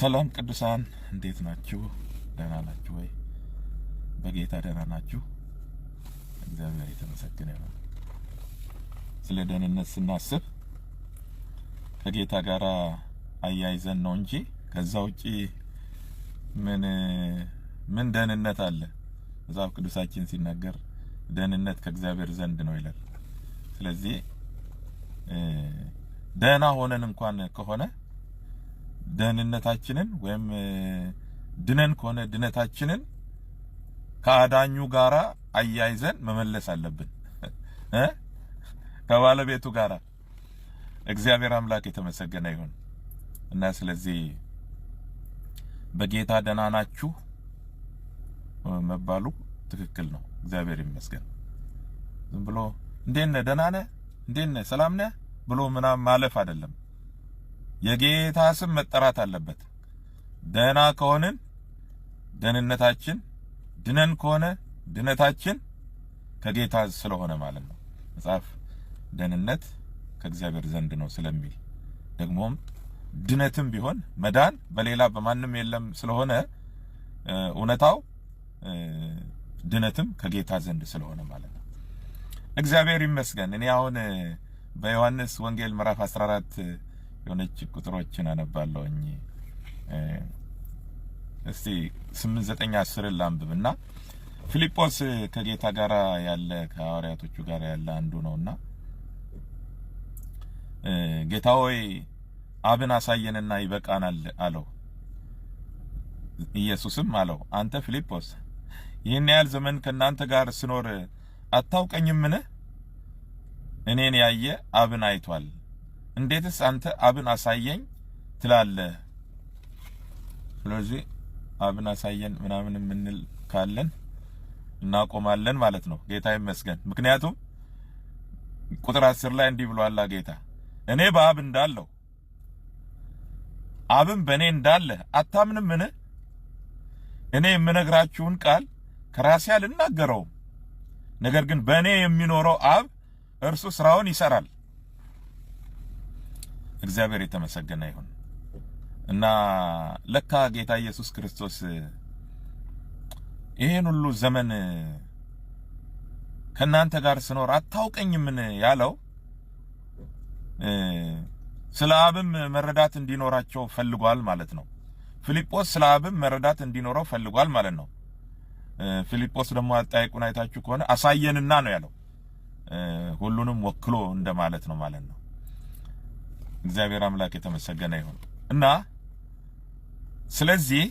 ሰላም ቅዱሳን እንዴት ናችሁ? ደህና ናችሁ ወይ? በጌታ ደህና ናችሁ? እግዚአብሔር የተመሰገነ ነው። ስለ ደህንነት ስናስብ ከጌታ ጋር አያይዘን ነው እንጂ ከዛ ውጪ ምን ምን ደህንነት አለ? መጽሐፍ ቅዱሳችን ሲናገር ደህንነት ከእግዚአብሔር ዘንድ ነው ይላል። ስለዚህ ደህና ሆነን እንኳን ከሆነ ደህንነታችንን ወይም ድነን ከሆነ ድነታችንን ከአዳኙ ጋራ አያይዘን መመለስ አለብን ከባለቤቱ ጋራ እግዚአብሔር አምላክ የተመሰገነ ይሁን እና ስለዚህ በጌታ ደህና ናችሁ መባሉ ትክክል ነው። እግዚአብሔር ይመስገን። ዝም ብሎ እንዴት ነህ፣ ደህና ነህ፣ እንዴት ነህ፣ ሰላም ነህ ብሎ ምናምን ማለፍ አይደለም። የጌታ ስም መጠራት አለበት። ደህና ከሆንን ደህንነታችን፣ ድነን ከሆነ ድነታችን ከጌታ ስለሆነ ማለት ነው። መጽሐፍ ደህንነት ከእግዚአብሔር ዘንድ ነው ስለሚል ደግሞም ድነትም ቢሆን መዳን በሌላ በማንም የለም ስለሆነ እውነታው ድነትም ከጌታ ዘንድ ስለሆነ ማለት ነው። እግዚአብሔር ይመስገን። እኔ አሁን በዮሐንስ ወንጌል ምዕራፍ 14 የሆነች ቁጥሮችን አነባለሁኝ። እስቲ ስምንት ዘጠኝ አስርን ላንብብ እና ፊልጶስ ከጌታ ጋር ያለ ከሐዋርያቶቹ ጋር ያለ አንዱ ነውና ጌታ ሆይ አብን አሳየንና ይበቃናል አለው። ኢየሱስም አለው አንተ ፊልጶስ ይህን ያህል ዘመን ከእናንተ ጋር ስኖር አታውቀኝምን? እኔን ያየ አብን አይቷል እንዴትስ አንተ አብን አሳየኝ ትላለህ? ስለዚህ አብን አሳየን ምናምን የምንል ካለን እናቆማለን ማለት ነው። ጌታ ይመስገን። ምክንያቱም ቁጥር አስር ላይ እንዲህ ብሏል ጌታ እኔ በአብ እንዳለው አብም በእኔ እንዳለ አታምንም ምን እኔ የምነግራችሁን ቃል ከራሴ አልናገረውም፣ ነገር ግን በእኔ የሚኖረው አብ እርሱ ስራውን ይሰራል እግዚአብሔር የተመሰገነ ይሁን እና ለካ ጌታ ኢየሱስ ክርስቶስ ይሄን ሁሉ ዘመን ከእናንተ ጋር ስኖር አታውቀኝምን ያለው ስለ አብም መረዳት እንዲኖራቸው ፈልጓል ማለት ነው። ፊልጶስ ስለ አብም መረዳት እንዲኖረው ፈልጓል ማለት ነው። ፊልጶስ ደግሞ አጠያየቁን አይታችሁ ከሆነ አሳየንና ነው ያለው። ሁሉንም ወክሎ እንደማለት ነው ማለት ነው። እግዚአብሔር አምላክ የተመሰገነ ይሁን እና ስለዚህ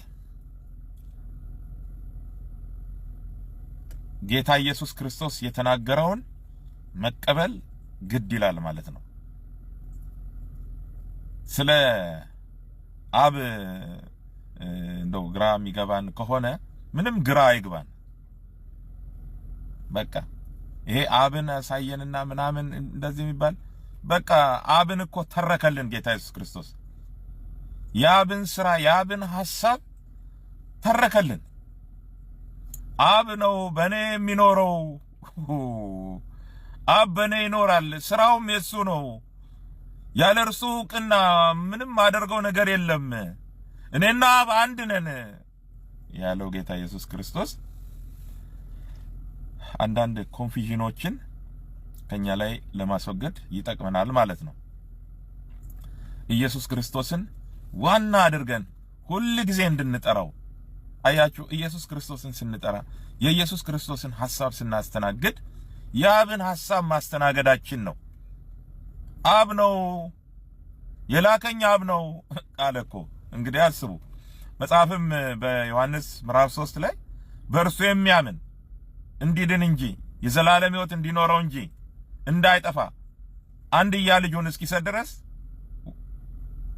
ጌታ ኢየሱስ ክርስቶስ የተናገረውን መቀበል ግድ ይላል ማለት ነው። ስለ አብ እንደው ግራ የሚገባን ከሆነ ምንም ግራ አይግባን። በቃ ይሄ አብን አሳየንና ምናምን እንደዚህ የሚባል በቃ አብን እኮ ተረከልን ጌታ ኢየሱስ ክርስቶስ የአብን ስራ የአብን ሐሳብ ተረከልን። አብ ነው በኔ የሚኖረው፣ አብ በኔ ይኖራል፣ ስራውም የሱ ነው። ያለ እርሱ እውቅና ምንም ማደርገው ነገር የለም፣ እኔና አብ አንድ ነን ያለው ጌታ ኢየሱስ ክርስቶስ አንዳንድ ኮንፊዥኖችን ከኛ ላይ ለማስወገድ ይጠቅመናል ማለት ነው። ኢየሱስ ክርስቶስን ዋና አድርገን ሁል ጊዜ እንድንጠራው አያችሁ። ኢየሱስ ክርስቶስን ስንጠራ የኢየሱስ ክርስቶስን ሐሳብ ስናስተናግድ የአብን ሐሳብ ማስተናገዳችን ነው። አብ ነው የላከኝ አብ ነው ቃለ እኮ እንግዲህ አስቡ። መጽሐፍም በዮሐንስ ምዕራፍ ሶስት ላይ በእርሱ የሚያምን እንዲድን እንጂ የዘላለም ሕይወት እንዲኖረው እንጂ እንዳይጠፋ አንድያ ልጁን እስኪሰጥ ድረስ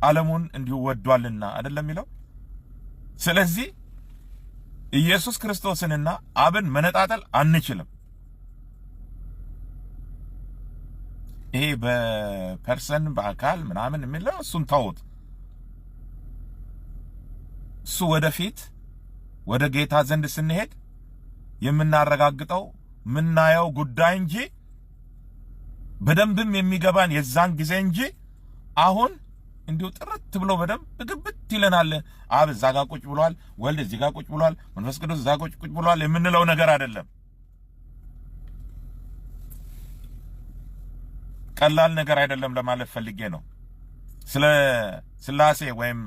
ዓለሙን እንዲሁ ወዷልና አይደለም የሚለው። ስለዚህ ኢየሱስ ክርስቶስንና አብን መነጣጠል አንችልም። ይሄ በፐርሰን በአካል ምናምን የሚለው እሱን ታውት እሱ ወደፊት ወደ ጌታ ዘንድ ስንሄድ የምናረጋግጠው የምናየው ጉዳይ እንጂ በደንብም የሚገባን የዛን ጊዜ እንጂ አሁን እንዲሁ ጥርት ብሎ በደንብ ግብት ይለናል። አብ እዛ ጋ ቁጭ ብሏል፣ ወልድ እዚህ ጋ ቁጭ ብሏል፣ መንፈስ ቅዱስ እዛ ቁጭ ቁጭ ብሏል የምንለው ነገር አይደለም። ቀላል ነገር አይደለም ለማለት ፈልጌ ነው። ስለ ስላሴ ወይም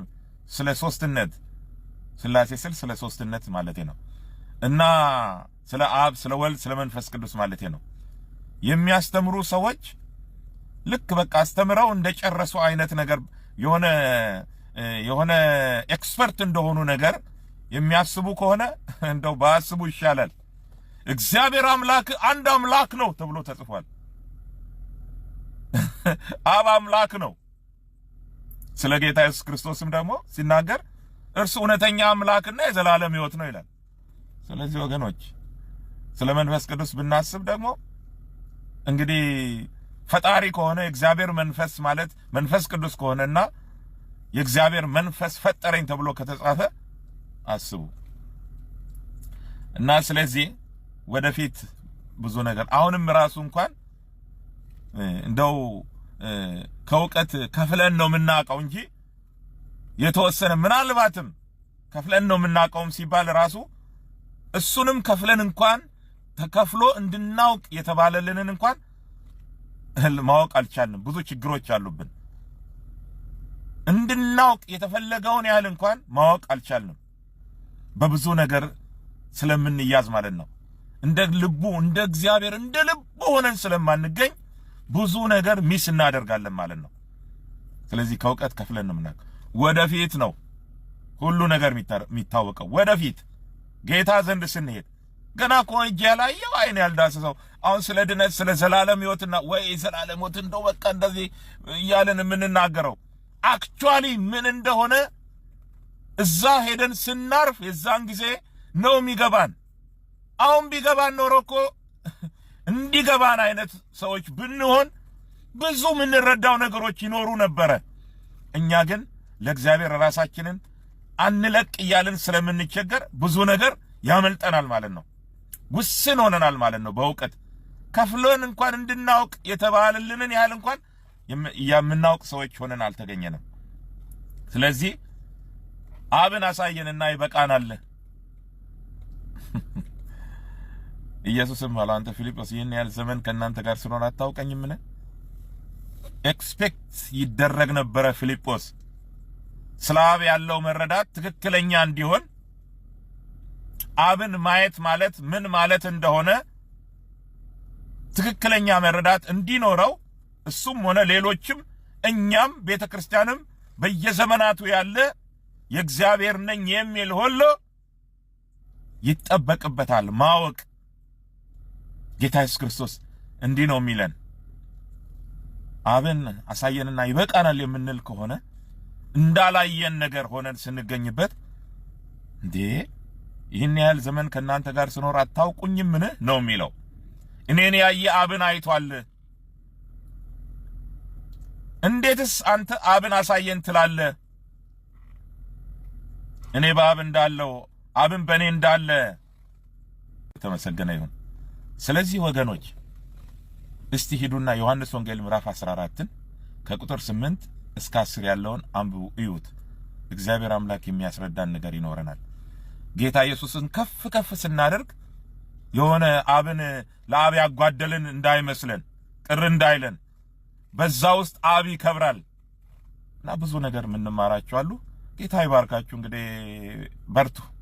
ስለ ሶስትነት ስላሴ ስል ስለ ሶስትነት ማለቴ ነው እና ስለ አብ፣ ስለ ወልድ፣ ስለ መንፈስ ቅዱስ ማለቴ ነው። የሚያስተምሩ ሰዎች ልክ በቃ አስተምረው እንደጨረሱ አይነት ነገር የሆነ የሆነ ኤክስፐርት እንደሆኑ ነገር የሚያስቡ ከሆነ እንደው ባያስቡ ይሻላል። እግዚአብሔር አምላክ አንድ አምላክ ነው ተብሎ ተጽፏል። አብ አምላክ ነው። ስለ ጌታ ኢየሱስ ክርስቶስም ደግሞ ሲናገር እርሱ እውነተኛ አምላክና የዘላለም ሕይወት ነው ይላል። ስለዚህ ወገኖች ስለ መንፈስ ቅዱስ ብናስብ ደግሞ እንግዲህ ፈጣሪ ከሆነ የእግዚአብሔር መንፈስ ማለት መንፈስ ቅዱስ ከሆነና የእግዚአብሔር መንፈስ ፈጠረኝ ተብሎ ከተጻፈ አስቡ እና ስለዚህ ወደፊት ብዙ ነገር አሁንም ራሱ እንኳን እንደው ከእውቀት ከፍለን ነው የምናውቀው እንጂ የተወሰነ ምናልባትም ከፍለን ነው የምናውቀውም ሲባል ራሱ እሱንም ከፍለን እንኳን ተከፍሎ እንድናውቅ የተባለልንን እንኳን ማወቅ አልቻልንም። ብዙ ችግሮች አሉብን። እንድናውቅ የተፈለገውን ያህል እንኳን ማወቅ አልቻልንም። በብዙ ነገር ስለምንያዝ ማለት ነው። እንደ ልቡ እንደ እግዚአብሔር እንደ ልቡ ሆነን ስለማንገኝ ብዙ ነገር ሚስ እናደርጋለን ማለት ነው። ስለዚህ ከእውቀት ከፍለን ነው ወደፊት ነው ሁሉ ነገር የሚታወቀው፣ ወደፊት ጌታ ዘንድ ስንሄድ ገና እኮ እጅ ያላየው አይን ያልዳሰሰው አሁን ስለ ድነት ስለ ዘላለም ህይወትና ወይ ዘላለም ህይወት እንደው በቃ እንደዚህ እያለን የምንናገረው አክቹዋሊ ምን እንደሆነ እዛ ሄደን ስናርፍ የዛን ጊዜ ነው የሚገባን። አሁን ቢገባን ኖሮ እኮ እንዲገባን አይነት ሰዎች ብንሆን ብዙ የምንረዳው ነገሮች ይኖሩ ነበረ። እኛ ግን ለእግዚአብሔር ራሳችንን አንለቅ እያልን ስለምንቸገር ብዙ ነገር ያመልጠናል ማለት ነው። ውስን ሆነናል ማለት ነው። በእውቀት ከፍሎን እንኳን እንድናውቅ የተባለልንን ያህል እንኳን የምናውቅ ሰዎች ሆነን አልተገኘንም። ስለዚህ አብን አሳየንና ይበቃናል። ኢየሱስም አለው አንተ ፊልጶስ ይህን ያህል ዘመን ከእናንተ ጋር ስኖር አታውቀኝምን? ኤክስፔክት ይደረግ ነበረ ፊልጶስ ስለ አብ ያለው መረዳት ትክክለኛ እንዲሆን አብን ማየት ማለት ምን ማለት እንደሆነ ትክክለኛ መረዳት እንዲኖረው እሱም ሆነ ሌሎችም እኛም ቤተ ክርስቲያንም በየዘመናቱ ያለ የእግዚአብሔር ነኝ የሚል ሁሉ ይጠበቅበታል ማወቅ። ጌታ ኢየሱስ ክርስቶስ እንዲህ ነው የሚለን። አብን አሳየንና ይበቃናል የምንል ከሆነ እንዳላየን ነገር ሆነን ስንገኝበት እንዴ ይህን ያህል ዘመን ከእናንተ ጋር ስኖር አታውቁኝም? ነው የሚለው እኔን ያየ አብን አይቷል። እንዴትስ አንተ አብን አሳየን ትላለ እኔ በአብ እንዳለው አብን በእኔ እንዳለ ተመሰገነ ይሁን። ስለዚህ ወገኖች እስቲ ሂዱና ዮሐንስ ወንጌል ምዕራፍ 14ን ከቁጥር 8 እስከ 10 ያለውን አንብቡ፣ እዩት። እግዚአብሔር አምላክ የሚያስረዳን ነገር ይኖረናል። ጌታ ኢየሱስን ከፍ ከፍ ስናደርግ የሆነ አብን ለአብ ያጓደልን እንዳይመስለን ቅር እንዳይለን በዛ ውስጥ አብ ይከብራል እና ብዙ ነገር የምንማራቸው አሉ። ጌታ ይባርካችሁ። እንግዲህ በርቱ።